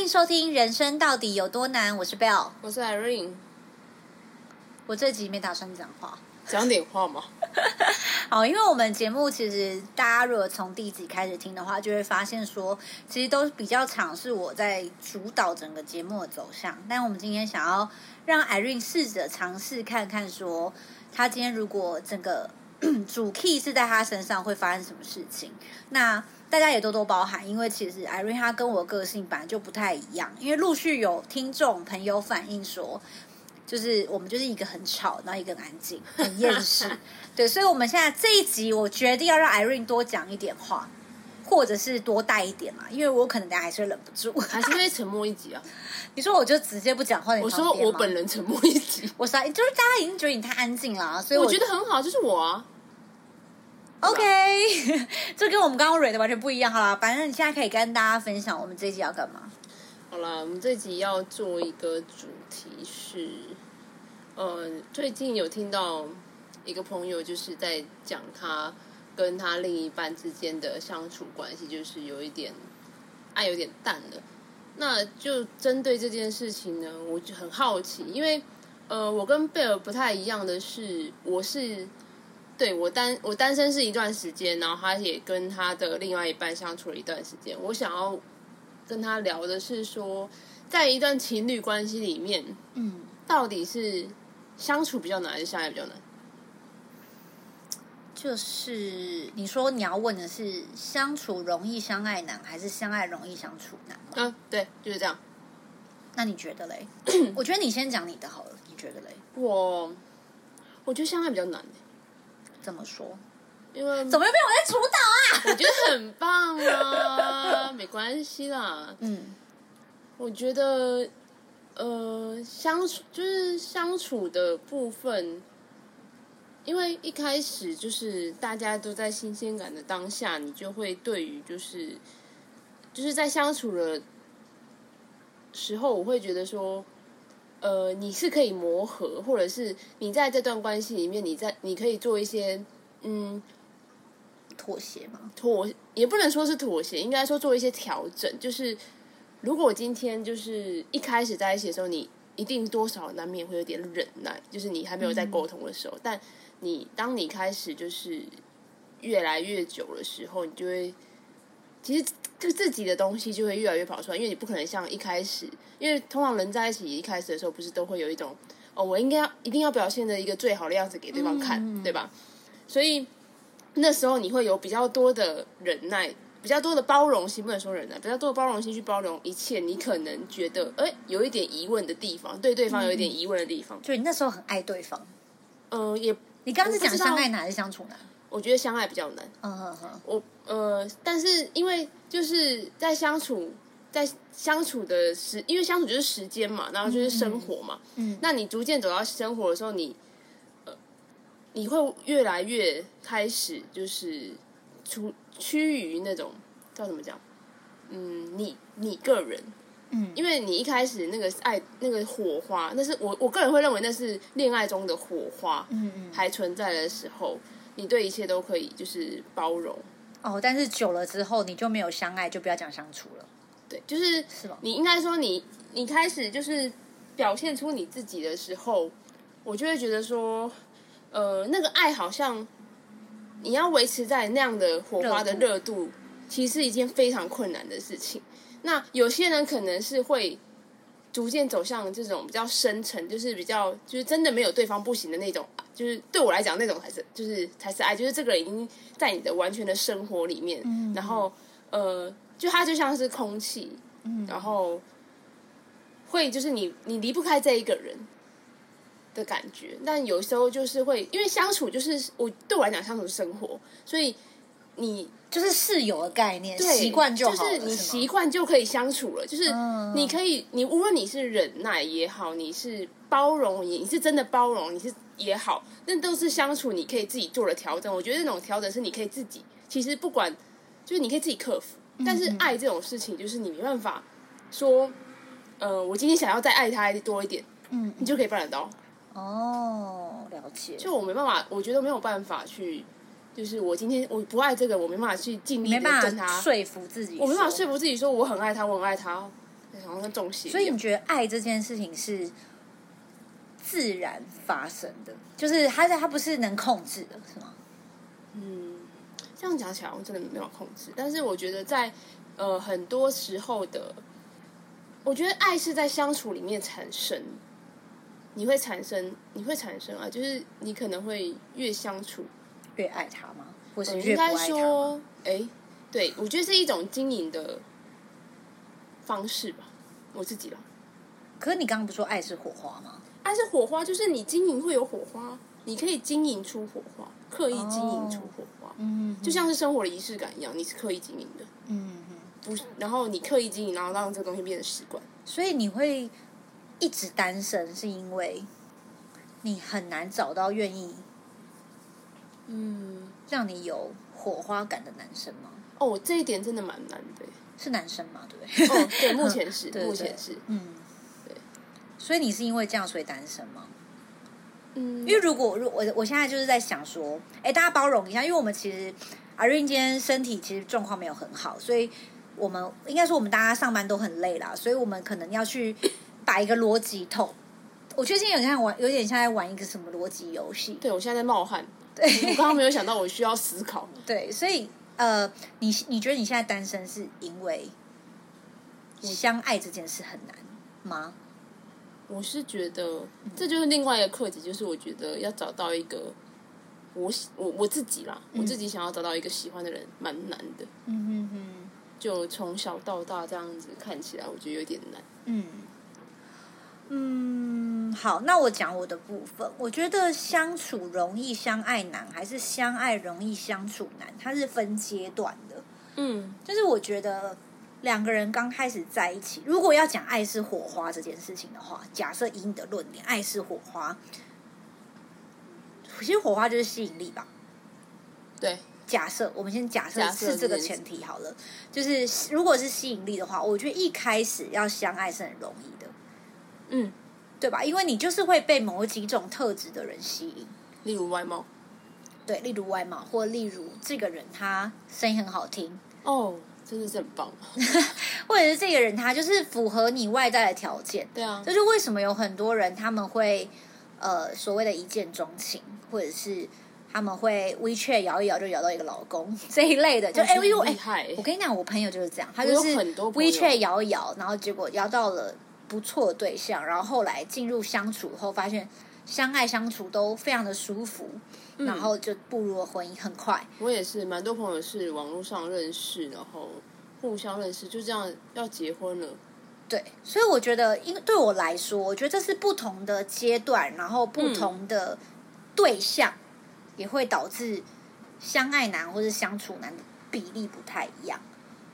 歡迎收聽《人生到底有多難》我，我是 Bell，我是 Irene，我這集沒打算講話，講點話嘛。 好，因為我們節目其實大家如果從第一集開始聽的話，就會發現說，其實都比較常是我在主導整個節目的走向。但我們今天想要讓 Irene 試着嘗試看看說，說她今天如果整個主 key 是在她身上，會發生什麼事情？那大家也多多包涵，因為其實 Irene 她跟我的個性本來就不太一樣。因為陸續有聽眾朋友反映說，就是我們就是一個很吵，然後一個很安靜，很厭世。對，所以我們現在這一集，我決定要讓 Irene 多講一點話，或者是多帶一點嘛，因為我可能大家還是忍不住。還是因為沉默一集啊？你說我就直接不講話，我說我本人沉默一集。我說就是大家已經覺得你太安靜啦，所以我,我覺得很好，就是我啊。OK， 這跟我們剛剛 read 的完全不一樣，好了，反正你現在可以跟大家分享我，我們這集要幹嘛？好了，我們這集要做一個主題是，呃，最近有聽到一個朋友就是在講他跟他另一半之間的相處關係，就是有一點愛、啊、有點淡了。那就針對這件事情呢，我就很好奇，因為呃，我跟貝爾不太一樣的是，我是。對，我單我單身是一段時間，然後他也跟他的另外一半相處了一段時間。我想要跟他聊的是說，在一段情侶關係裡面，嗯，到底是相處比較難還是相愛比較難？就是你說你要問的是相處容易相愛難，還是相愛容易相處難？嗯，啊，對，就是這樣。那你覺得嘞？ 我覺得你先講你的好了。你覺得嘞？我我覺得相愛比較難欸。怎麼說？因為怎麼又被我在主導啊？我覺得很棒啊，沒關係啦。嗯，我覺得呃，相處就是相處的部分，因為一開始就是大家都在新鮮感的當下，你就會對於就是就是在相處的時候，我會覺得說。呃，你是可以磨合，或者是你在這段關係裡面，你在你可以做一些嗯妥協嗎？妥，也不能說是妥協，應該說做一些調整。就是如果今天就是一開始在一起的時候，你一定多少難免會有點忍耐，就是你還沒有在溝通的時候，嗯、但你當你開始就是越來越久的時候，你就會。其實，就自己的東西就會越來越跑出來，因為你不可能像一開始，因為通常人在一起一開始的時候，不是都會有一種哦，我應該要一定要表現的一個最好的樣子給對方看，嗯、對吧？所以那時候你會有比較多的忍耐，比較多的包容心，不能說忍耐，比較多的包容心去包容一切。你可能覺得，哎、欸，有一點疑問的地方，對對，對方有一點疑問的地方，嗯、就你那時候很愛對方。嗯、呃，也，你剛剛是講相愛難還是相處難？我覺得相愛比較難。嗯嗯嗯，我呃，但是因為就是在相處，在相處的時，因為相處就是時間嘛，然後就是生活嘛。嗯，嗯那你逐漸走到生活的時候你，你呃，你會越來越開始就是出趨於那種叫什麼講嗯，你你個人，嗯，因為你一開始那個愛那個火花，那是我我個人會認為那是戀愛中的火花，嗯嗯，還存在的時候。嗯嗯你對一切都可以就是包容哦，但是久了之後，你就沒有相愛，就不要講相處了。對，就是是吧？你應該說你你開始就是表現出你自己的時候，我就會覺得說，呃，那個愛好像你要維持在那樣的火花的熱度，熱度，其實是一件非常困難的事情。那有些人可能是會。逐漸走向這種比較深沉，就是比較就是真的沒有對方不行的那種，就是對我來講那種才是就是才是愛，就是這個人已經在你的完全的生活裡面，然後呃，就他就像是空氣，然後會就是你你離不開這一個人的感覺，但有時候就是會因為相處，就是我對我來講相處是生活，所以。你就是室友的概念，對，習慣就好了。就是你習慣就可以相處了。嗯嗯嗯，就是你可以，你無論你是忍耐也好，你是包容也，你是真的包容，你是也好，那都是相處，你可以自己做的調整。我覺得那種調整是你可以自己。其實不管，就是你可以自己克服。嗯嗯，但是愛這種事情，就是你沒辦法說，呃，我今天想要再愛他多一點，嗯，嗯，你就可以辦得到。哦，了解。就我沒辦法，我覺得沒有辦法去。就是我今天我不愛這個，我沒辦法去盡力的跟他說服自己，我沒辦法說服自己說我很愛他，我很愛他，然後他中邪。所以你覺得愛這件事情是自然發生的，就是他在，他不是能控制的，是嗎？嗯，這樣講起來我真的沒有控制。但是我覺得在，呃，很多時候的，我覺得愛是在相處裡面產生，你會產生，你會產生啊，就是你可能會越相處。越愛他嗎？或是越不愛他嗎？我應該說，哎、欸，對，我覺得是一種經營的方式吧。我自己了。可是你剛剛不說愛是火花嗎？愛是火花，就是你經營會有火花，你可以經營出火花，刻意經營出火花。嗯、哦，就像是生活的儀式感一樣，你是刻意經營的。嗯，不是，然後你刻意經營，然後讓這個東西變得習慣。所以你會一直單身，是因為你很難找到願意。嗯，讓你有火花感的男生嗎？哦，這一點真的蠻難的，是男生嗎？對不對？對，哦、對 目前是、嗯對對，目前是，嗯，對。所以你是因為這樣所以單身嗎？嗯，因為如果，如我，我現在就是在想說，哎，大家包容一下，因為我們其實阿潤今天身體其實狀況沒有很好，所以我們應該說我們大家上班都很累啦，所以我們可能要去擺一個邏輯桶。我最近有點我有點像在玩一個什麼邏輯遊戲。對，我現在在冒汗。對，我剛剛沒有想到，我需要思考。 對，所以呃，你你覺得你現在單身是因為相愛這件事很難嗎？我是覺得，嗯、這就是另外一個課題，就是我覺得要找到一個我我我自己啦、嗯，我自己想要找到一個喜歡的人，蠻難的。嗯哼哼。就從小到大這樣子看起來，我覺得有點難。嗯嗯。好，那我講我的部分。我覺得相處容易，相愛難，還是相愛容易，相處難？它是分階段的。嗯，就是我覺得兩個人剛開始在一起，如果要講愛是火花這件事情的話，假設以你的論點，愛是火花，其實火花就是吸引力吧？對。假設我們先假設是這個前提好了。就是，就是如果是吸引力的話，我覺得一開始要相愛是很容易的。嗯。對吧？因為你就是會被某幾種特質的人吸引，例如外貌，對，例如外貌，或例如這個人他聲音很好聽，哦、oh,，真的是很棒。或者是這個人他就是符合你外在的條件，對啊，就是為什麼有很多人他們會呃所謂的一見鍾情，或者是他們會微信搖一搖就搖到一個老公這一類的，就哎呦哎我跟你講，我朋友就是這樣，他就是微信搖一搖，然後結果搖到了。不錯的對象，然後後來進入相處後，發現相愛相處都非常的舒服，嗯、然後就步入了婚姻，很快。我也是，蠻多朋友是網絡上認識，然後互相認識，就這樣要結婚了。對，所以我覺得，因為對我來說，我覺得這是不同的階段，然後不同的對象、嗯、也會導致相愛難或者相處難的比例不太一樣。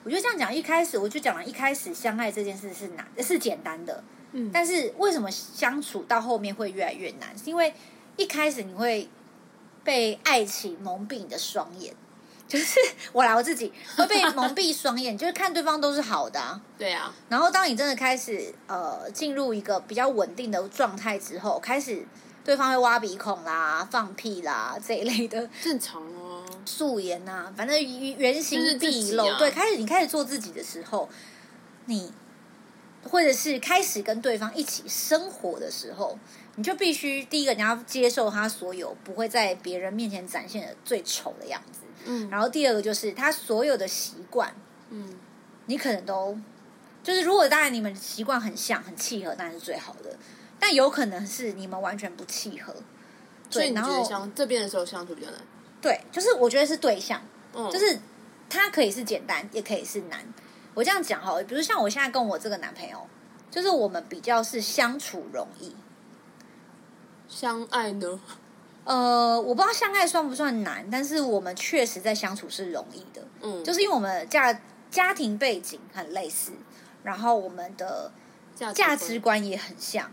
我就這樣講，一開始我就講了，一開始相愛這件事是難，是簡單的，嗯，但是為什麼相處到後面會越來越難？是因為一開始你會被愛情蒙蔽你的雙眼，就是我來我自己會被蒙蔽雙眼， 就是看對方都是好的啊，對啊。然後當你真的開始呃進入一個比較穩定的狀態之後，開始對方會挖鼻孔啦、放屁啦這一類的，正常哦。素顏吶、啊，反正原形畢露、就是啊。對，開始你開始做自己的時候，你或者是開始跟對方一起生活的時候，你就必須第一個你要接受他所有不會在別人面前展現的最醜的樣子，嗯。然後第二個就是他所有的習慣，嗯，你可能都就是如果當然你們習慣很像很契合那是最好的，但有可能是你們完全不契合。所以你然後這邊的時候相處比較難？對，就是我覺得是對象。哦，就是他可以是簡單，也可以是難。我這樣講哈，比如像我現在跟我這個男朋友，就是我們比較是相處容易。相愛呢？呃，我不知道相愛算不算難，但是我們確實在相處是容易的。嗯，就是因為我們家家庭背景很類似，然後我們的價值觀也很像，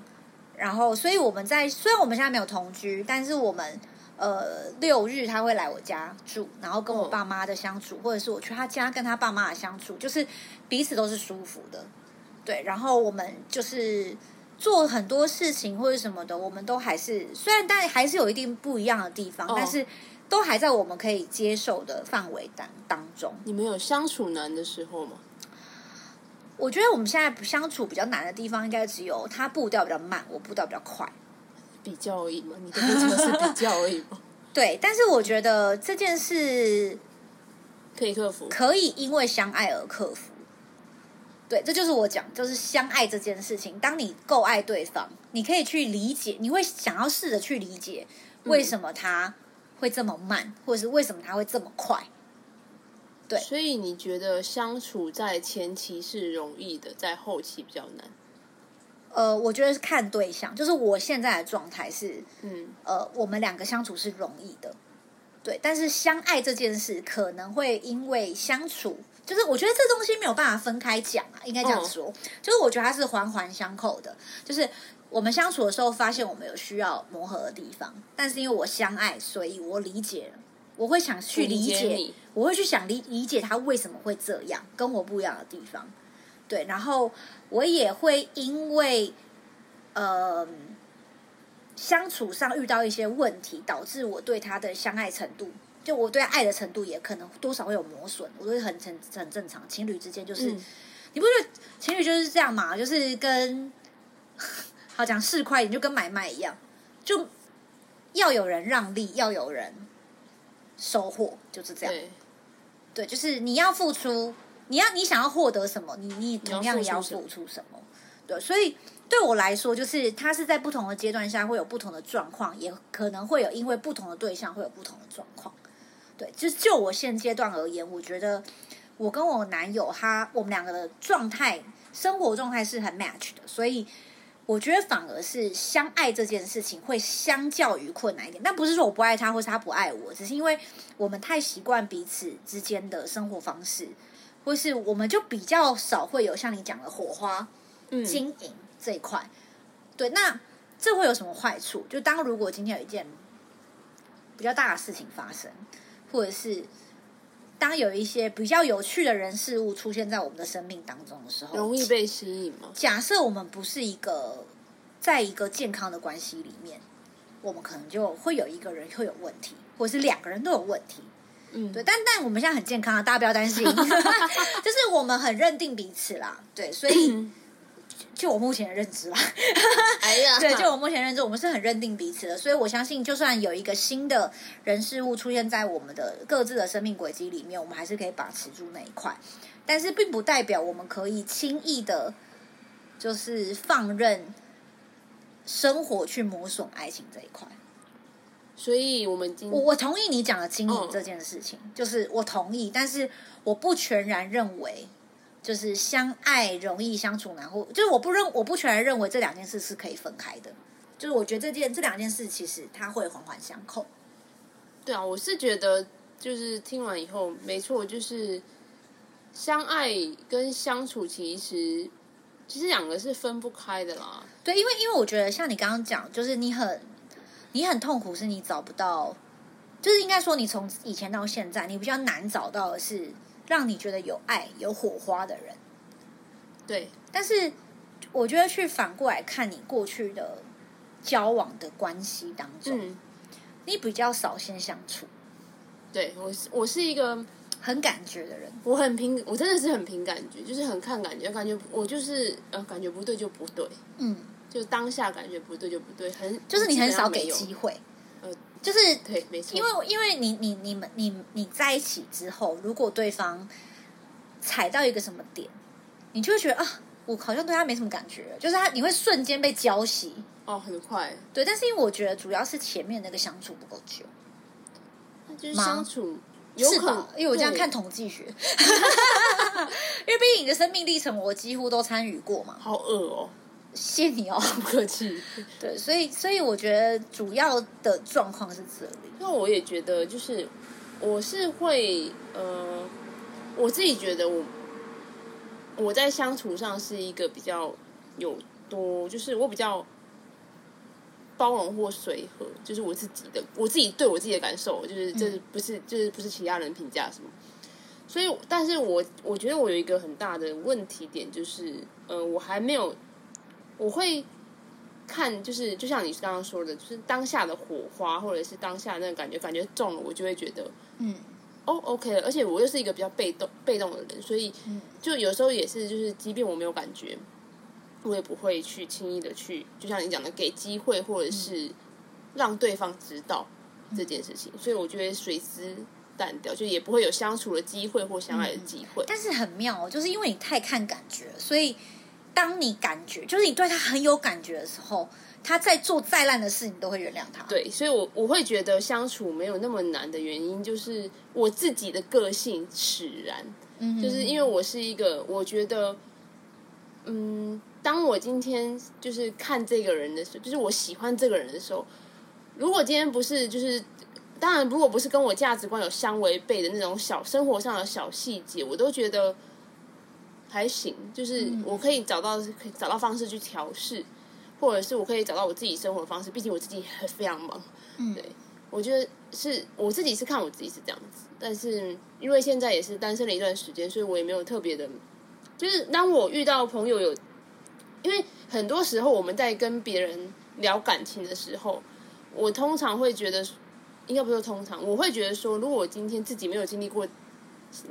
然後所以我們在雖然我們現在沒有同居，但是我們。呃，六日他會來我家住，然後跟我爸媽的相處，oh. 或者是我去他家跟他爸媽的相處，就是彼此都是舒服的，對。然後我們就是做很多事情或者什麼的，我們都還是雖然，但還是有一定不一樣的地方，oh. 但是都還在我們可以接受的範圍當當中。你們有相處難的時候嗎？我覺得我們現在相處比較難的地方，應該只有他步調比較慢，我步調比較快。比較而已嘛，你的溝通是比較而已嘛。 對，但是我覺得這件事可以克服，可以因為相愛而克服。對，這就是我講，就是相愛這件事情，當你夠愛對方，你可以去理解，你會想要試着去理解為什麼他會這麼慢，嗯、或者是為什麼他會這麼快。對，所以你覺得相處在前期是容易的，在後期，比較難？呃，我覺得是看對象，就是我現在的狀態是，嗯，呃，我們兩個相處是容易的，對。但是相愛這件事可能會因為相處，就是我覺得這東西沒有辦法分開講啊，應該這樣說，哦，就是我覺得它是環環相扣的。就是我們相處的時候，發現我們有需要磨合的地方，但是因為我相愛，所以我理解，我會想去理解，我理解你。我會去想理理解他為什麼會這樣，跟我不一樣的地方。對，然後我也會因為，呃，相處上遇到一些問題，導致我對他的相愛程度，就我對愛的程度，也可能多少會有磨損，我覺得很很很正常。情侶之間就是，嗯、你不覺得情侶就是這樣嘛？就是跟，好講市儈一點，就跟買賣一樣，就要有人讓利，要有人收穫，就是這樣。對，對，就是你要付出。你要你想要獲得什麼，你你同樣也要付出什麼。對，所以對我來說，就是他是在不同的階段下會有不同的狀況，也可能會有因為不同的對象會有不同的狀況。對，就就我現階段而言，我覺得我跟我男友他，我們兩個的狀態生活狀態是很 match 的，所以我覺得反而是相愛這件事情會相較於困難一點。但不是說我不愛他，或是他不愛我，只是因為我們太習慣彼此之間的生活方式。或者是我們就比較少會有像你講的火花、經營這一塊、嗯。對，那這會有什麼壞處？就當如果今天有一件比較大的事情發生，或者是當有一些比較有趣的人事物出現在我們的生命當中的時候，容易被吸引嗎？假設我們不是一個在一個健康的關係裡面，我們可能就會有一個人會有問題，或者是兩個人都有問題。嗯，對，但但我們現在很健康，啊，大家不要擔心。 就是我們很認定彼此啦，對，所以 就我目前的認知啦，哎呀，對，就我目前認知，我們是很認定彼此的，所以我相信，就算有一個新的人事物出現在我們的各自的生命軌跡裡面，我們還是可以把持住那一塊。但是，並不代表我們可以輕易的，就是放任生活去磨損愛情這一塊。所以我們今，我我同意你講的經營這件事情，Oh，就是我同意，但是我不全然認為，就是相愛容易相處難，或就是我不認我不全然認為這兩件事是可以分開的，就是我覺得這件這兩件事其實它會環環相扣。對啊，我是覺得就是聽完以後，沒錯，就是相愛跟相處其實其實兩個是分不開的啦。對，因為因為我覺得像你剛剛講，就是你很。你很痛苦，是你找不到，就是應該說，你從以前到現在，你比較難找到的是讓你覺得有愛、有火花的人。對，但是我覺得去反過來看你過去的交往的關係當中，嗯，你比較少先相處。對我是，我是一個很感覺的人，我很憑，我真的是很憑感覺，就是很看感覺，感覺我就是呃，感覺不對就不對，嗯。就當下感覺不對就不對，很就是你很少給機會，呃，就是對，沒錯，因為因為你你你們你你你在一起之後，如果對方踩到一個什麼點，你就會覺得啊，我好像對他沒什麼感覺，就是他你會瞬間被澆熄，哦，很快，對，但是因為我覺得主要是前面那個相處不夠久，那就是相處有可能是吧？因為我這樣看統計學。 因為畢竟你的生命歷程我幾乎都參與過嘛，好餓哦。謝，謝你哦，不客氣。 對，所以，所以我覺得主要的狀況是這裡。因為我也覺得，就是我是會，呃，我自己覺得我我在相處上是一個比較有多，就是我比較包容或隨和，就是我自己的，我自己對我自己的感受，就是這不是、嗯、就是不是其他人評價什麼。所以，但是我我覺得我有一個很大的問題點，就是，呃，我還沒有。我會看，就是就像你剛剛說的，就是當下的火花，或者是當下的那個感覺，感覺中了，我就會覺得，嗯，哦，OK 了。而且我又是一個比較被動、被動的人，所以，就有時候也是，就是即便我沒有感覺，我也不會去輕易的去，就像你講的，給機會或者是讓對方知道這件事情。嗯。所以我就會隨之淡掉，就也不會有相處的機會或相愛的機會。嗯，但是很妙哦，就是因為你太看感覺，所以。當你感覺就是你對他很有感覺的時候，他在做再爛的事情，你都會原諒他。對，所以我，我我會覺得相處沒有那麼難的原因，就是我自己的個性使然。嗯，就是因為我是一個，我覺得，嗯，當我今天就是看這個人的時候，就是我喜歡這個人的時候，如果今天不是，就是當然，如果不是跟我價值觀有相違背的那種小生活上的小細節，我都覺得。還行，就是我可以找到，可以找到方式去調適，或者是我可以找到我自己生活方式。畢竟我自己還非常忙。嗯，對，我覺得是我自己是看我自己是這樣子，但是因為現在也是單身了一段時間，所以我也沒有特別的。就是當我遇到朋友有，因為很多時候我們在跟別人聊感情的時候，我通常會覺得，應該不是通常，我會覺得說，如果我今天自己沒有經歷過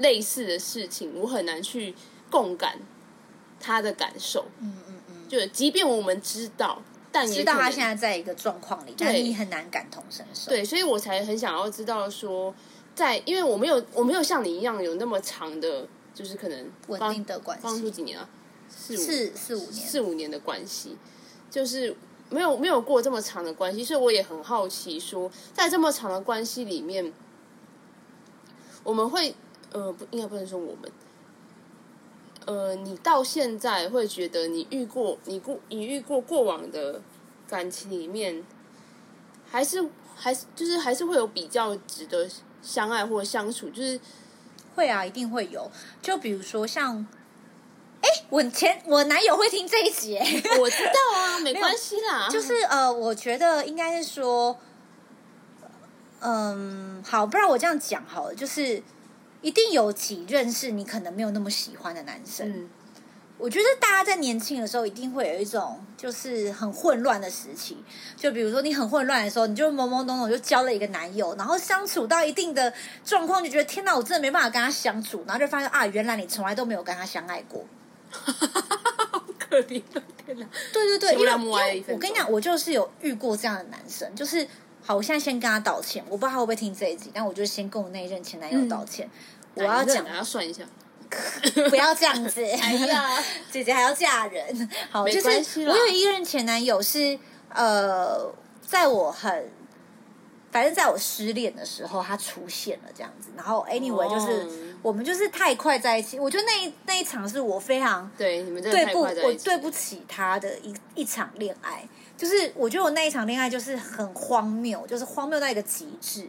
類似的事情，我很難去。共感他的感受，嗯嗯嗯，就即便我們知道，但也知道他現在在一個狀況裡，但你很難感同身受。對，所以我才很想要知道說，在因為我沒有我沒有像你一樣有那麼長的，就是可能穩定的關係，相處幾年了，啊，四四五四五年，四五年的關係，就是沒有沒有過這麼長的關係，所以我也很好奇說，在這麼長的關係裡面，我們會呃，不應該不能說我們。呃，你到現在會覺得你遇過你過你遇過過往的感情裡面，還是還是就是還是會有比較值得相愛或相處，就是會啊，一定會有。就比如說像，哎、欸，我前我男友會聽這一集， 我知道啊，沒關係啦。就是呃，我覺得應該是說，嗯、呃，好，不然我這樣講好了，就是。一定有幾任是你可能沒有那麼喜歡的男生。嗯、我覺得大家在年輕的時候一定會有一種就是很混亂的時期。就比如說你很混亂的時候，你就懵懵懂懂就交了一個男友，然後相處到一定的狀況，就覺得天哪，我真的沒辦法跟他相處，然後就發現啊，原來你從來都沒有跟他相愛過。 可憐的、啊、天哪！對對對，因為因為我跟你講，我就是有遇過這樣的男生。嗯、就是好，我現在先跟他道歉。我不知道他會不會聽這一集，但我就先跟我那一任前男友道歉。嗯我要講，我要算一下， 不要這樣子、欸。哎 呀，姐姐還要嫁人，好，就是了。我有一任前男友是，呃，在我很，反正在我失戀的時候，他出現了這樣子。然後，anyway，就是、哦、我們就是太快在一起。我覺得那一那一場是我非常對你們對不我對不起他的一一場戀愛，就是我覺得我那一場戀愛就是很荒謬，就是荒謬到一個極致。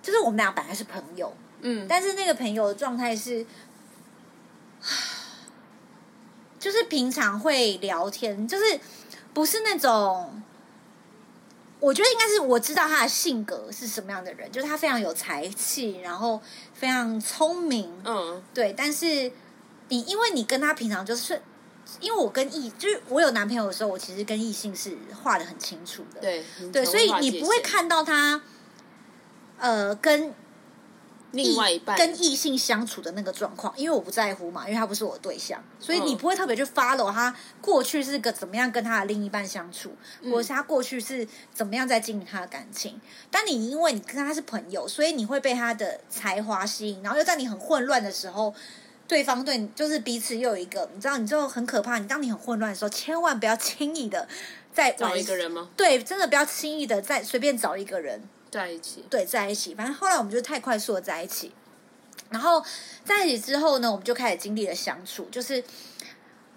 就是我們倆本來是朋友。嗯，但是那個朋友的狀態是、嗯，就是平常會聊天，就是不是那種，我覺得應該是我知道他的性格是什麼樣的人，就是他非常有才氣，然後非常聰明，嗯，對。但是你因為你跟他平常就是，因為我跟異就是我有男朋友的時候，我其實跟異性是畫得很清楚的，對對，所以你不會看到他，嗯、呃，跟。另外一半跟異性相處的那個狀況，因為我不在乎嘛，因為他不是我的對象，所以你不會特別去 follow 他過去是個怎麼樣跟他的另一半相處，嗯、或者是他過去是怎麼樣在經營他的感情。但你因為你跟他是朋友，所以你會被他的才華吸引，然後又在你很混亂的時候，對方對你就是彼此又有一個，你知道你就很可怕。你當你很混亂的時候，千萬不要輕易的再找一個人嗎？對，真的不要輕易的再隨便找一個人。在一起，對，在一起。反正後來我們就太快速的在一起，然後在一起之後呢，我們就開始經歷了相處，就是，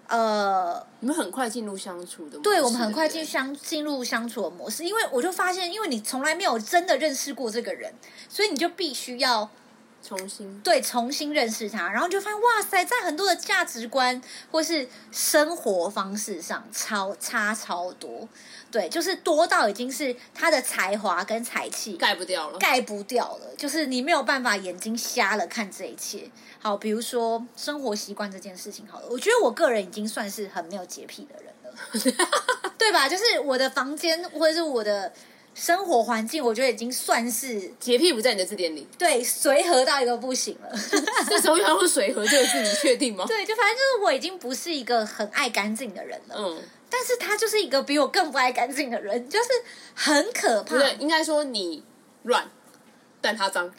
呃，你們很快進入相處的模式，對，我們很快進相進入相處的模式。因為我就發現，因為你從來沒有真的認識過這個人，所以你就必須要。重新對重新認識他，然後你就發現哇塞，在很多的價值觀或是生活方式上超差超多，對，就是多到已經是他的才華跟才氣蓋不掉了，蓋不掉了，就是你沒有辦法眼睛瞎了看這一切。好，比如說生活習慣這件事情，好了，我覺得我個人已經算是很沒有潔癖的人了， 對吧？就是我的房間或者是我的。生活環境，我覺得已經算是潔癖不在你的字典裡。對，隨和到一個不行了。這時候要有“隨和”這個字，你確定嗎？對，就反正就是我已經不是一個很愛乾淨的人了。嗯，但是他就是一個比我更不愛乾淨的人，就是很可怕。對，應該說你亂，但他髒。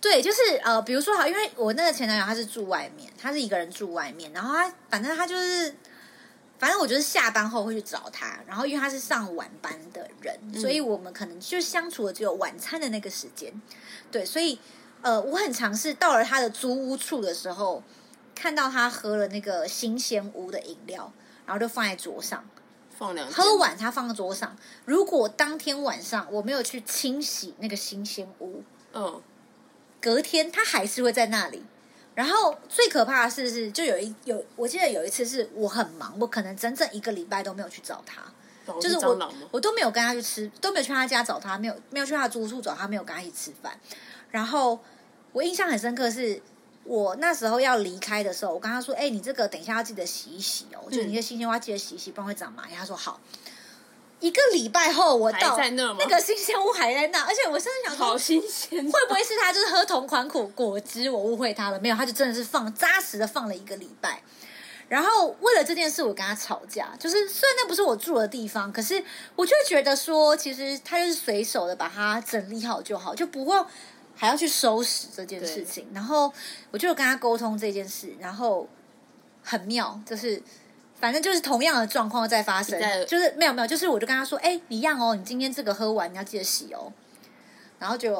對，就是呃，比如說哈，因為我那個前男友他是住外面，他是一個人住外面，然後他反正他就是。反正我就是下班後會去找他，然後因為他是上晚班的人，嗯，所以我們可能就相處了只有晚餐的那個時間。對，所以呃，我很嘗試到了他的租屋處的時候，看到他喝了那個新鮮屋的飲料，然後就放在桌上，放兩喝完他放在桌上。如果當天晚上我沒有去清洗那個新鮮屋，嗯、哦，隔天他還是會在那裡。然後最可怕的是，是就有一有，我記得有一次是我很忙，我可能整整一個禮拜都沒有去找他，是就是我我都沒有跟他去吃，都沒有去他家找他，沒有沒有去他住處找他，沒有跟他一起吃飯。然後我印象很深刻是，是我那時候要離開的時候，我跟他說：“哎、欸，你這個等一下要記得洗一洗哦，嗯、就覺你的新鮮花記得洗一洗，不然會長螞蟻。”他說：“好。”一個禮拜後，我到那個新鮮屋還在那，在那，而且我現在想說，好新鮮，會不會是他就是喝同款苦果汁？我誤會他了，沒有，他就真的是放扎實的放了一個禮拜。然後為了這件事，我跟他吵架。就是雖然那不是我住的地方，可是我就覺得說，其實他就是隨手的把它整理好就好，就不會還要去收拾這件事情。然後我就跟他溝通這件事，然後很妙，就是。反正就是同樣的狀況在發生，就是沒有沒有，就是我就跟他說，哎、欸，你一樣哦，你今天這個喝完，你要記得洗哦。然後就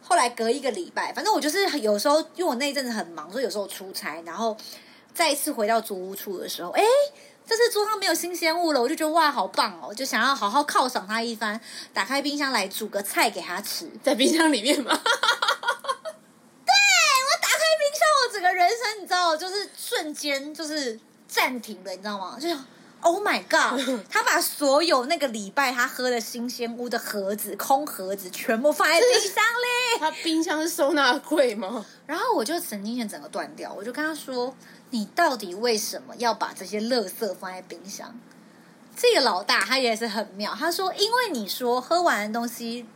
後來隔一個禮拜，反正我就是有時候，因為我那一陣子很忙，所以有時候出差。然後再一次回到租屋處的時候，哎、欸，這次桌上沒有新鮮物了，我就覺得哇，好棒哦，就想要好好犒賞他一番。打開冰箱來煮個菜給他吃，在冰箱裡面嗎？ 對，我打開冰箱，我整個人生，你知道，就是瞬間就是。暫停了，你知道嗎？就想 Oh my god！ 他把所有那個禮拜他喝的新鮮屋的盒子、空盒子全部放在冰箱裡。他冰箱是收納櫃嗎？然後我就神經線整個斷掉，我就跟他說：“你到底為什麼要把這些垃圾放在冰箱？”這個老大他也是很妙，他說：“因為你說喝完的東西。”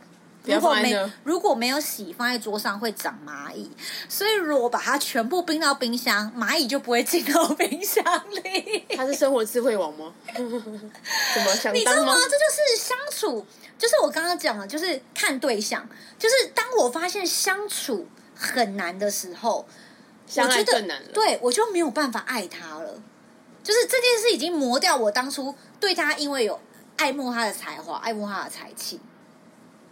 如果沒如果沒有洗，放在桌上會長螞蟻。所以如果把它全部冰到冰箱，螞蟻就不會進到冰箱裡。他是生活智慧王嗎？ 什麼想當嗎？你知道嗎？這就是相處，就是我剛剛講了，就是看對象，就是當我發現相處很難的時候，相愛更難了。我覺得對，我就沒有辦法愛他了。就是這件事已經磨掉我當初對他，因為有愛慕他的才華，愛慕他的才氣。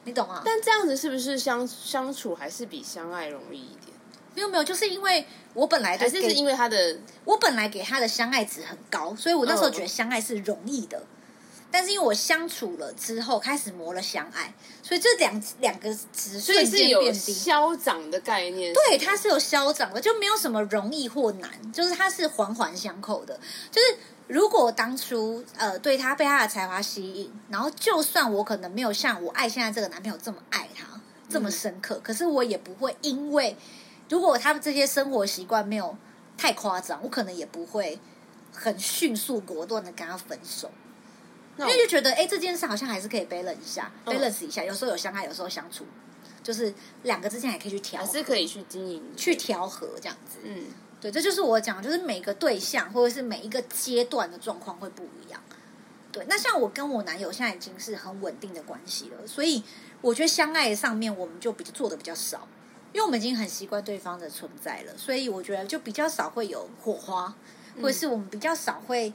你懂啊？但這樣子是不是相相處還是比相愛容易一點？沒有沒有，就是因為我本來就是，還是因為他的，我本來給他的相愛值很高，所以我那時候覺得相愛是容易的。嗯，但是因為我相處了之後，開始磨了相愛，所以這兩兩個詞，所以是有消長的概念。對，它是有消長的，就沒有什麼容易或難，就是它是環環相扣的，就是。如果我當初呃對他被他的才華吸引，然後就算我可能沒有像我愛現在這個男朋友這麼愛他、嗯、這麼深刻，可是我也不會因為如果他們這些生活習慣沒有太誇張，我可能也不會很迅速果斷的跟他分手，那因為就覺得哎、欸、這件事好像還是可以 bear 一下，bear 認識一下，有時候有相愛，有時候相處，就是兩個之間也可以去調，還是可以去經營，去調和這樣子，嗯。對，這就是我講的，就是每個對象或者是每一個階段的狀況會不一樣。對，那像我跟我男友現在已經是很穩定的關係了，所以我覺得相愛上面我們就比較做的比較少，因為我們已經很習慣對方的存在了，所以我覺得就比較少會有火花，嗯、或者是我們比較少會，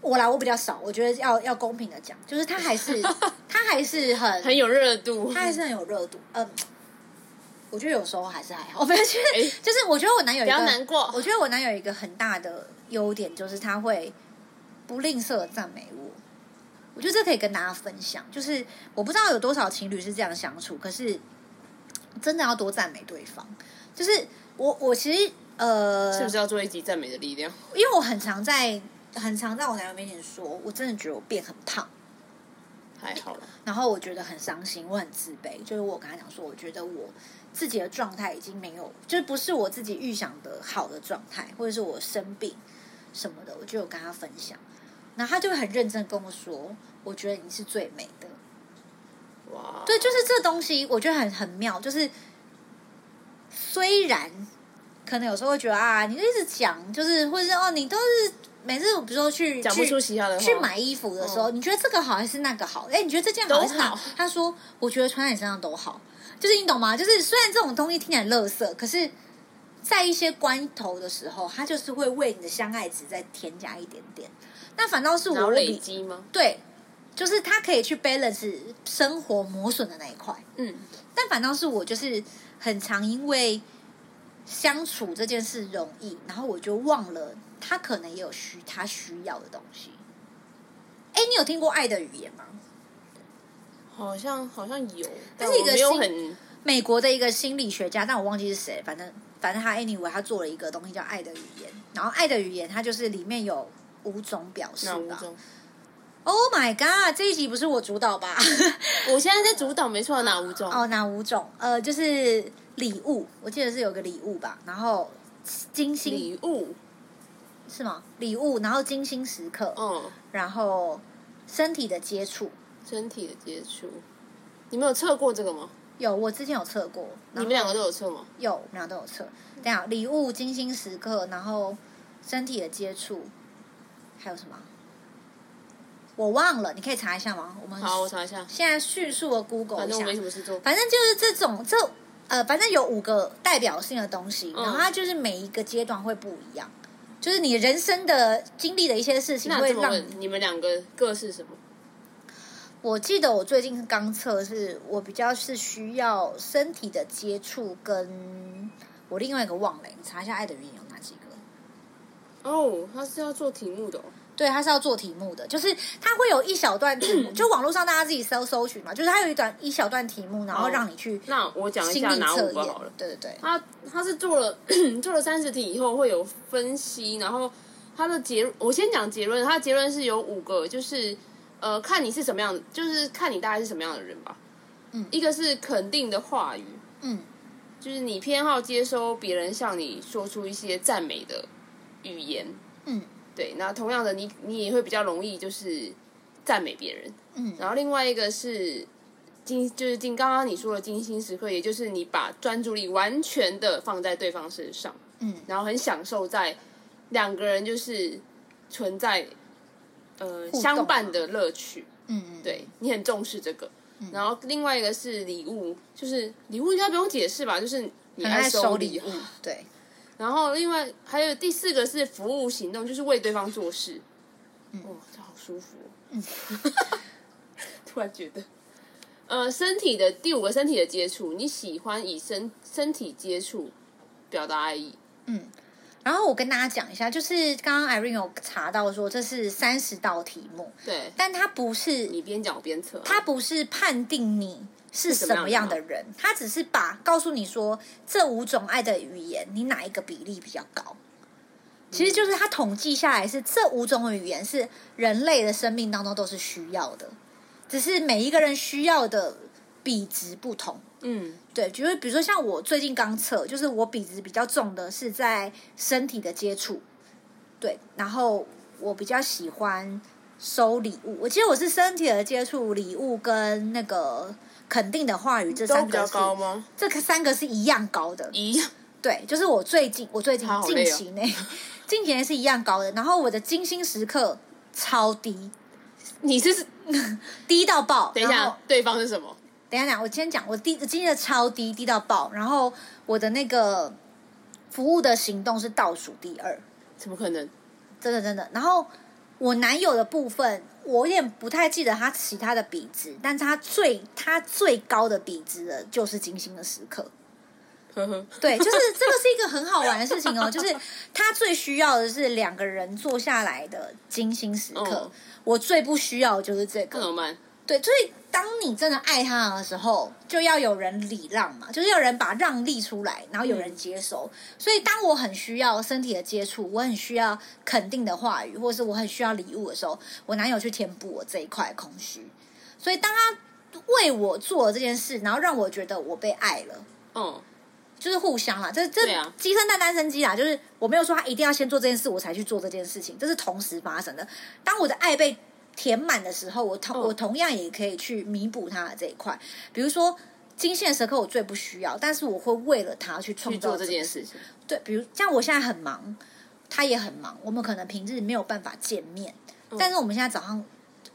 我來我比較少，我覺得要要公平的講，就是他還是他還是很 很有熱度，他還是很有熱度，嗯。我覺得有時候還是還好。欸，就是、我覺得就是，我覺得我男友不要難過。我覺得我男友有一個很大的優點，就是他會不吝嗇讚美我。我覺得這可以跟大家分享，就是我不知道有多少情侶是這樣相處，可是真的要多讚美對方。就是我，我其實，呃，是不是要做一集讚美的力量？因為我很常在，很常在我男友面前說，我真的覺得我變很胖。太好了，然後我覺得很傷心，我很自卑，就是我跟他講說，我覺得我自己的狀態已經沒有，就是不是我自己預想的好的狀態，或者是我生病什麼的，我就有跟他分享，然後他就會很認真跟我說，我覺得你是最美的。哇，對，就是這東西，我覺得很很妙，就是雖然可能有時候會覺得啊，你一直講，就是或者是哦，你都是。每次我比如說去講不出其他的，去買衣服的時候，嗯，你覺得這個好還是那個好？哎、欸，你覺得這件好還是好？他說，我覺得穿在你身上都好，就是你懂嗎？就是雖然這種東西聽起來垃圾，可是在一些關頭的時候，它就是會為你的相愛值再添加一點點。那反倒是我累積嗎？對，就是他可以去 balance 生活磨損的那一塊。嗯，但反倒是我就是很常因為。相處這件事容易，然後我就忘了他可能也有需他需要的東西。哎，你有聽過《愛的語言》嗎？好像好像有，但，但是一個心沒有很美國的一個心理學家，但我忘記是誰。反正反正他 anyway，他做了一個東西叫《愛的語言》，然後《愛的語言》它就是裡面有五種表示哦 Oh my god！這一集不是我主導吧？ 我現在在主導，沒錯。哪五種？哦，哪五種？呃，就是。禮物，我記得是有一個禮物吧，然後，精心。禮物是嗎？禮物，然後精心時刻，嗯、哦，然後身體的接觸，身體的接觸，你們有測過這個嗎？有，我之前有測過。你們兩個都有測嗎？有，我們兩個都有測。這樣，禮物、精心時刻，然後身體的接觸，還有什麼？我忘了，你可以查一下嗎？我們好，我查一下。現在迅速的 Google 一下，反正我沒什麼事做，反正就是這種這。呃，反正有五個代表性的東西，oh. 然後它就是每一個階段會不一樣，就是你人生的經歷的一些事情，會讓你你們兩個各是什麼？我記得我最近剛測試，我比較是需要身體的接觸，跟我另外一個忘了，你查一下愛的語言有哪幾個？哦、oh，他是要做題目的、哦。對，他是要做題目的，就是他會有一小段題目， 就網絡上大家自己搜搜尋嘛，就是他有一段一小段題目，然後讓你去。那我講一下哪五個好了，對對對。他他是做了 做了三十題以後會有分析，然後他的結我先講結論，他的結論是有五個，就是呃看你是什麼樣，就是看你大概是什麼樣的人吧。嗯。一個是肯定的話語，嗯，就是你偏好接收別人向你說出一些讚美的語言，嗯。對，那同樣的你，你你也會比較容易就是讚美別人，嗯，然後另外一個是精，就是精剛剛你說的精心時刻，也就是你把專注力完全的放在對方身上，嗯，然後很享受在兩個人就是存在呃，相伴的樂趣，嗯嗯，對你很重視這個，嗯，然後另外一個是禮物，就是禮物應該不用解釋吧，就是你愛收禮物，禮物，嗯、對。然後，另外還有第四個是服務行動，就是為對方做事。哦，這好舒服！ 突然覺得，呃，身體的第五個身體的接觸，你喜歡以身身體接觸表達愛意。嗯，然後我跟大家講一下，就是剛剛 Irene 有查到說這是三十道題目，對，但它不是你邊講邊測，啊，它不是判定你。是什麼樣的人？他只是把告訴你說，這五種愛的語言，你哪一個比例比較高？其實就是他統計下來是這五種語言是人類的生命當中都是需要的，只是每一個人需要的比值不同。嗯，對，就是比如說像我最近剛測，就是我比值比較重的是在身體的接觸，對，然後我比較喜歡收禮物。我其實我是身體的接觸，禮物跟那個。肯定的話語，這三個高嗎？這三個是一樣高的，一樣對，就是我最近我最近近期內、啊好累哦、近期內是一樣高的。然後我的精心時刻超低，你是低到爆。等一下，對方是什麼？等一下，我先講，我低今天的精心超低，低到爆。然後我的那個服務的行動是倒數第二，怎麼可能？真的真的。然後。我男友的部分，我有點不太記得他其他的比值，但是他最他最高的比值的就是精心的時刻， 對，就是這個是一個很好玩的事情哦， 就是他最需要的是兩個人坐下來的精心時刻，oh. 我最不需要的就是這個。Oh 對，所以當你真的愛他的時候，就要有人禮讓嘛，就是要有人把讓立出來，然後有人接收。嗯。所以當我很需要身體的接觸，我很需要肯定的話語，或者是我很需要禮物的時候，我男友去填補我這一塊空虛。所以當他為我做了這件事，然後讓我覺得我被愛了，嗯，就是互相啦，這這雞生蛋，蛋生雞啦，就是我沒有說他一定要先做這件事，我才去做這件事情，這、就是同時發生的。當我的愛被填滿的時候，我同、oh. 我同樣也可以去彌補他的這一塊。比如說，精心時刻我最不需要，但是我會為了他去創造、這個、去做這件事情。對，比如像我現在很忙，他也很忙，我們可能平日沒有辦法見面，oh. 但是我們現在早上，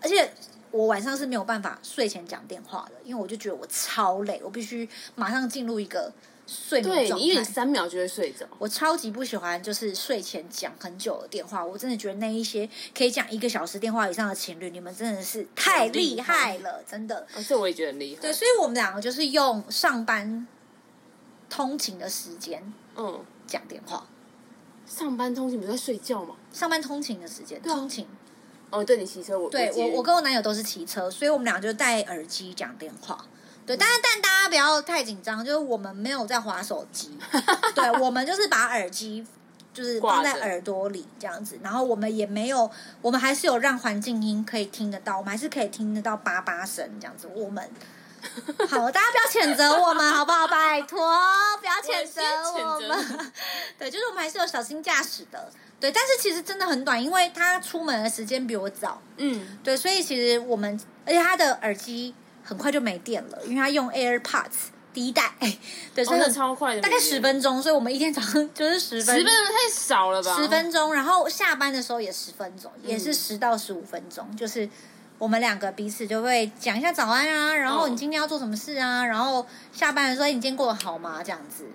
而且我晚上是沒有辦法睡前講電話的，因為我就覺得我超累，我必須馬上進入一個。睡不着因為你三秒就會睡着我超級不喜歡就是睡前講很久的電話，我真的覺得那一些可以講一個小時電話以上的情侶，你們真的是太厲害了，真的。而且我也覺得很厲害。對，所以我們兩個就是用上班通勤的時間，嗯，講電話。上班通勤不是在睡覺嗎？上班通勤的時間，通勤。哦，對你騎車，我對我我跟我男友都是騎車，所以我們倆就戴耳機講電話。對，當然但，大家不要太緊張，就是我們沒有在滑手機， 對，我們就是把耳機就是放在耳朵裡這樣子，然後我們也沒有，我們還是有讓環境音可以聽得到，我們還是可以聽得到叭叭聲這樣子。我們好，大家不要譴責我們好不好？ 拜托，不要譴責我們。我 對，就是我們還是有小心駕駛的。對，但是其實真的很短，因為他出門的時間比我早。嗯，對，所以其實我們，而且他的耳機。很快就沒電了，因為他用 AirPods 第一代，欸、對，真的、哦、超快的，大概十分鐘，所以我們一天早上就是十分鐘，十分鐘太少了吧？十分鐘，然後下班的時候也十分鐘，也是十到十五分鐘、嗯，就是我們兩個彼此就會講一下早安啊，然後你今天要做什麼事啊？哦、然後下班的時候，你今天過得好嗎？這樣子，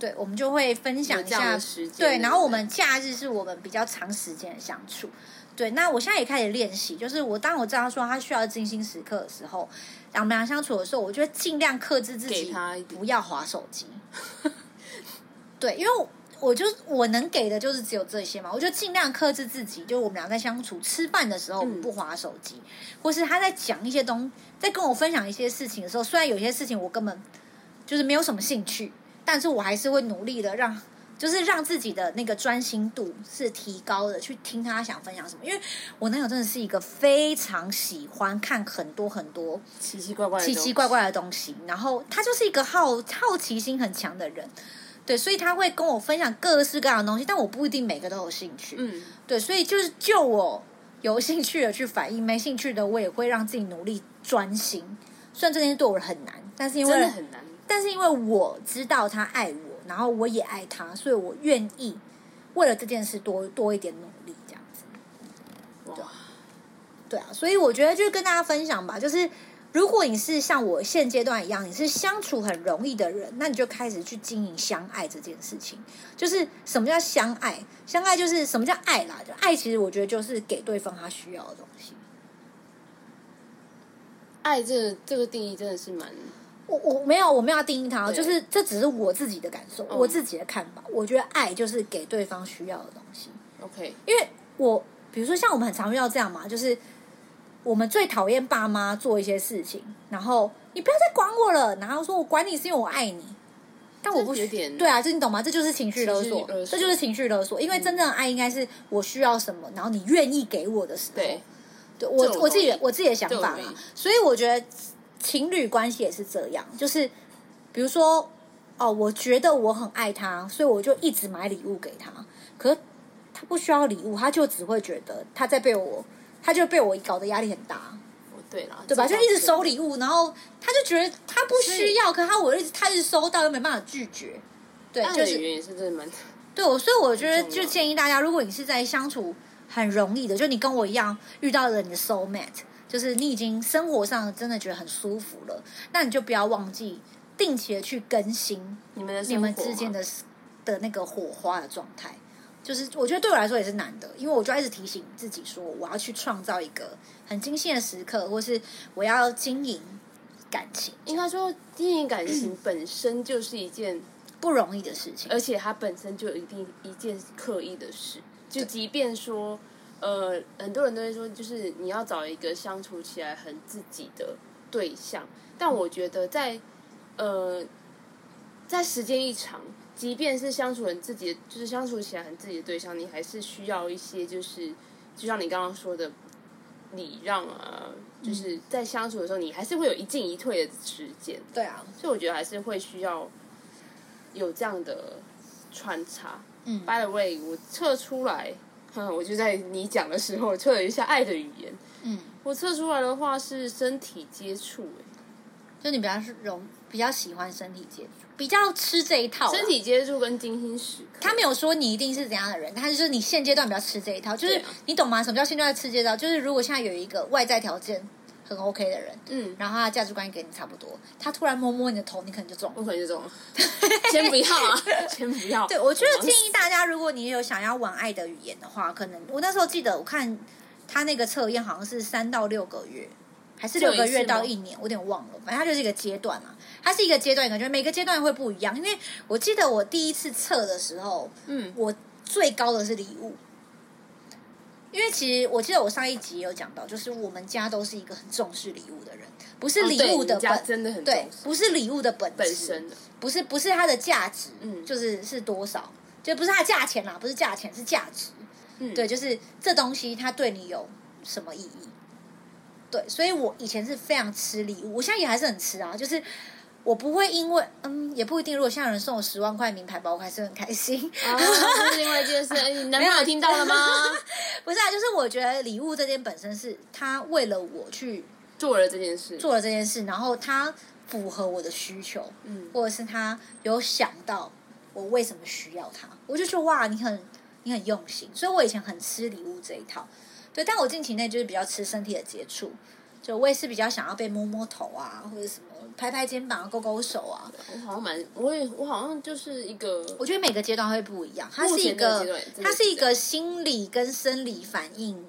對，我們就會分享一下時間，對，然後我們假日是我們比較長時間的相處。對，那我現在也開始練習，就是我當我知道他說他需要精心時刻的時候，我們倆相處的時候，我就會盡量克制自己，不要滑手機。 對，因為我就我能給的就是只有這些嘛，我就盡量克制自己，就是我們倆在相處吃飯的時候不滑手機，嗯，或是他在講一些東，在跟我分享一些事情的時候，雖然有些事情我根本就是沒有什麼興趣，但是我還是會努力的讓。就是讓自己的那個專心度是提高的，去聽他想分享什麼。因為我男友真的是一個非常喜歡看很多很多奇奇怪怪、奇奇怪怪、奇奇怪怪的東西，然後他就是一個好好奇心很強的人，對，所以他會跟我分享各式各樣的東西，但我不一定每一個都有興趣。嗯，對，所以就是就我有興趣的去反應，沒興趣的我也會讓自己努力專心。雖然這件事對我很難，但是因為真的很難，但是因為我知道他愛我。然後我也愛他，所以我願意為了這件事多多一點努力，這樣子。哇，對啊，所以我覺得就是跟大家分享吧，就是如果你是像我現階段一樣，你是相處很容易的人，那你就開始去經營相愛這件事情。就是什麼叫相愛？相愛就是什麼叫愛啦？就愛其實我覺得就是給對方他需要的東西。愛這個、這個定義真的是蠻。我我沒有我沒有要定義他，就是這只是我自己的感受，Oh. 我自己的看法。我覺得愛就是給對方需要的東西。OK，因為我比如說像我們很常遇到這樣嘛，就是我們最討厭爸媽做一些事情，然後你不要再管我了，然後說我管你是因為我愛你，但我不許，有點對啊，就你懂嗎？這就是情緒勒索、情索，這就是情緒勒索。因為真正的愛應該是我需要什麼，然後你願意給我的時候，對，對我我，我自己我自己的想法嘛、啊。所以我覺得。情侶關係也是這樣，就是比如說，哦，我覺得我很愛他，所以我就一直買禮物給他。可是他不需要禮物，他就只會覺得他在被我，他就被我搞得壓力很大。對啦，對吧？就一直收禮物，然後他就覺得他不需要，是可是他我一直，他一直收到又沒辦法拒絕。對，就是是對，我所以我覺得就建議大家，如果你是在相處很容易的，就你跟我一樣遇到了你的 soul mate。就是你已經生活上真的覺得很舒服了，那你就不要忘記定期的去更新你們的、啊、你們之間的的那個火花的狀態。就是我覺得對我來說也是難的，因為我就一直提醒自己說，我要去創造一個很精心的時刻，或是我要經營感情。應該說經營感情本身就是一件、嗯、不容易的事情，而且它本身就一定一件刻意的事。就即便說。呃，很多人都會說，就是你要找一個相處起來很自己的對象。但我覺得在，在呃，在時間一長，即便是相處很自己的，就是相處起來很自己的對象，你還是需要一些，就是就像你剛剛說的禮讓啊，就是在相處的時候，你還是會有一進一退的時間。對啊，所以我覺得還是會需要有這樣的穿插。嗯，By the way，我測出來。嗯，我就在你講的時候測了一下愛的語言。嗯，我測出來的話是身體接觸，哎，就你比較容，比較喜歡身體接觸，比較吃這一套啊。身體接觸跟精心時刻，他沒有說你一定是怎樣的人，他就是你現階段比較吃這一套，就是你懂嗎？什麼叫現階段吃這套？就是如果現在有一個外在條件。很 OK 的人的，嗯，然後他的價值觀跟你差不多，他突然摸摸你的頭，你可能就中了，我可能就中了。 先不要啊，先不要。對，我覺得我建議大家，如果你有想要玩愛的語言的話，可能我那時候記得我看他那個測驗，好像是三到六個月，還是六個月到一年，一我有點忘了，反正就是一個階段嘛啊，他是一個階段，感覺每個階段會不一樣。因為我記得我第一次測的時候，嗯，我最高的是禮物。因為其實我記得我上一集也有講到，就是我們家都是一個很重視禮物的人，不是禮物的本、啊對真的很，對，不是禮物的本質,本身的不是不是它的價值、就是，嗯，就是是多少，就不是它價錢啦，不是價錢是價值，嗯，對，就是這東西它對你有什麼意義？對，所以我以前是非常吃禮物，我現在也還是很吃啊，就是。我不會因為，嗯，也不一定。如果現在有人送我十萬塊名牌包，我還是很開心。啊、是另外一件事，啊、你男朋友聽到了嗎？不是啊，就是我覺得禮物這件本身是他為了我去做了這件事，做了這件事，然後他符合我的需求，嗯，或者是他有想到我為什麼需要他，我就說哇，你很你很用心。所以我以前很吃禮物這一套，對，但我近期內就是比較吃身體的接觸。我也是比較想要被摸摸頭啊，或者什麼拍拍肩膀、勾勾手啊。我好像蠻，我也我好像就是一個。我覺得每個階段會不一樣，它是一個是，它是一個心理跟生理反應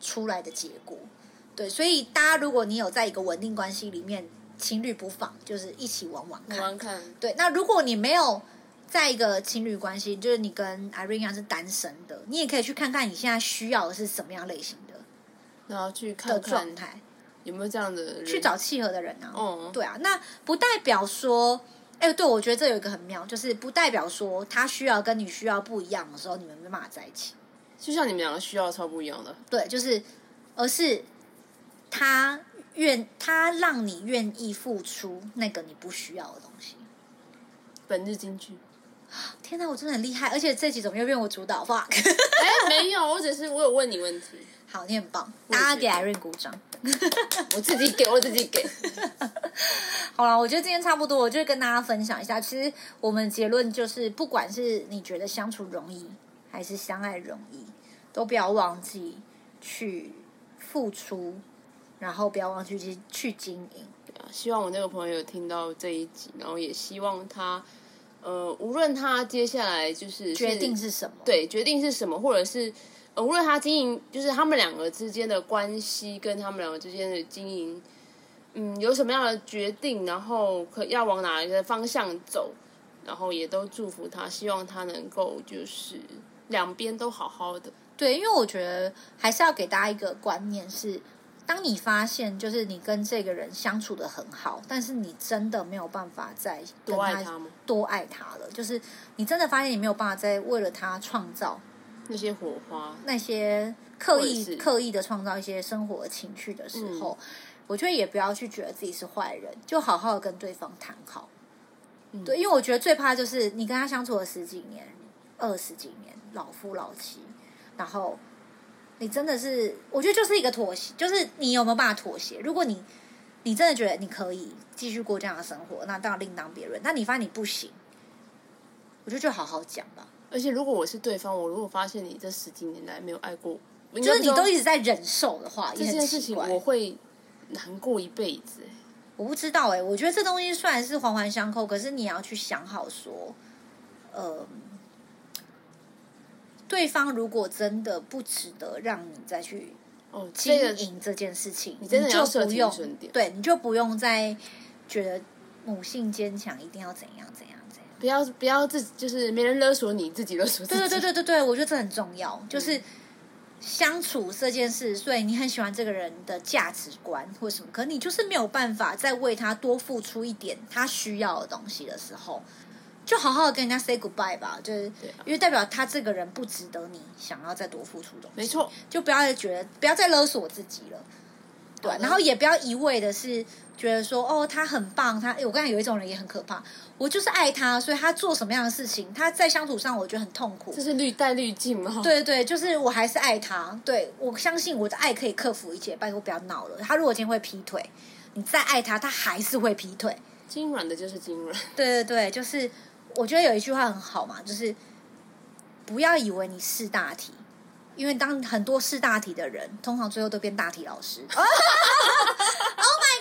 出來的結果。對，對所以大家如果你有在一個穩定關係裡面，情侶不妨就是一起玩玩，玩玩看。對，那如果你沒有在一個情侶關係，就是你跟 Irene 是單身的，你也可以去看看你現在需要的是什麼樣類型的，然後去看狀態。的有沒有這樣的人去找契合的人啊？嗯、oh，對啊，那不代表說，哎、欸，對，我覺得這有一個很妙，就是不代表說他需要跟你需要不一樣的時候，你們沒辦法在一起。就像你們兩個需要超不一樣的，對，就是，而是他願他讓你願意付出那個你不需要的東西。本日金句，天哪，我真的很厲害，而且這集怎麼又變我主導？fuck，哎，沒有，我只是我有問你問題。好，你很棒，大家給艾瑞鼓掌。 我自己給，我自己給。 好了，我覺得今天差不多，我就跟大家分享一下。其實我們的結論就是，不管是你覺得相處容易，還是相愛容易，都不要忘記去付出，然後不要忘記去去經營。對啊，希望我那個朋友聽到這一集，然後也希望他，呃，無論他接下來就是是，決定是什麼，對，決定是什麼，或者是。無論他經營，就是他們兩個之間的關係跟他們兩個之間的經營，嗯，有什麼樣的決定，然後可要往哪一個方向走，然後也都祝福他，希望他能夠就是兩邊都好好的。對，因為我覺得還是要給大家一個觀念是，當你發現就是你跟這個人相處得很好，但是你真的沒有辦法再多愛他嗎？多愛他了，就是你真的發現你沒有辦法再為了他創造。那些火花，那些刻意刻意的創造一些生活的情趣的時候，嗯、我覺得也不要去覺得自己是壞人，就好好的跟對方談好，嗯。對，因為我覺得最怕就是你跟他相處了十幾年、二十幾年，老夫老妻，然後你真的是，我覺得就是一個妥協，就是你有沒有辦法妥協？如果你你真的覺得你可以繼續過這樣的生活，那當然另當別論。那你發現你不行，我覺得就好好講吧。而且，如果我是對方，我如果發現你這十幾年來沒有愛過，就是你都一直在忍受的話，在這件事情我會難過一輩子、欸。我不知道哎、欸，我覺得這東西雖然是環環相扣，可是你要去想好說，呃，對方如果真的不值得讓你再去經營這件事情，哦這個、你真的要你就不用。對，你就不用再覺得母性堅強一定要怎樣怎樣。不要不要自己，就是沒人勒索你自己勒索自己。對對對對對，我覺得這很重要，就是相處這件事。所以你很喜歡這個人的價值觀或什麼，可你就是沒有辦法再為他多付出一點他需要的東西的時候，就好好的跟人家 say goodbye 吧。就是、啊、因為代表他這個人不值得你想要再多付出東西，沒錯，就不要再覺得不要再勒索我自己了。對，然後也不要一味的是覺得說哦，他很棒，他。我剛才有一種人也很可怕，我就是愛他，所以他做什麼樣的事情，他在相處上我覺得很痛苦。這是濾帶濾鏡嘛，對對，對就是我還是愛他，對，我相信我的愛可以克服一切，拜託不要鬧了。他如果今天會劈腿，你再愛他，他還是會劈腿。驚軟的就是驚軟。對對對，就是我覺得有一句話很好嘛，就是不要以為你是大體。因為當很多識大體的人，通常最後都變大體老師。 Oh my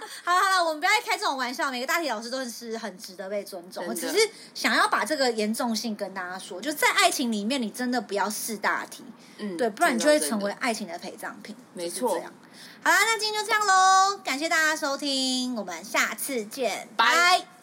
god！好了好了，我們不要再開這種玩笑。每個大體老師都是很值得被尊重。我只是想要把這個嚴重性跟大家說，就在愛情裡面，你真的不要識大體、嗯，對，不然你就會成為愛情的陪葬品。嗯就是、沒錯。好啦，那今天就這樣嘍，感謝大家收聽，我們下次見，拜，拜。拜拜。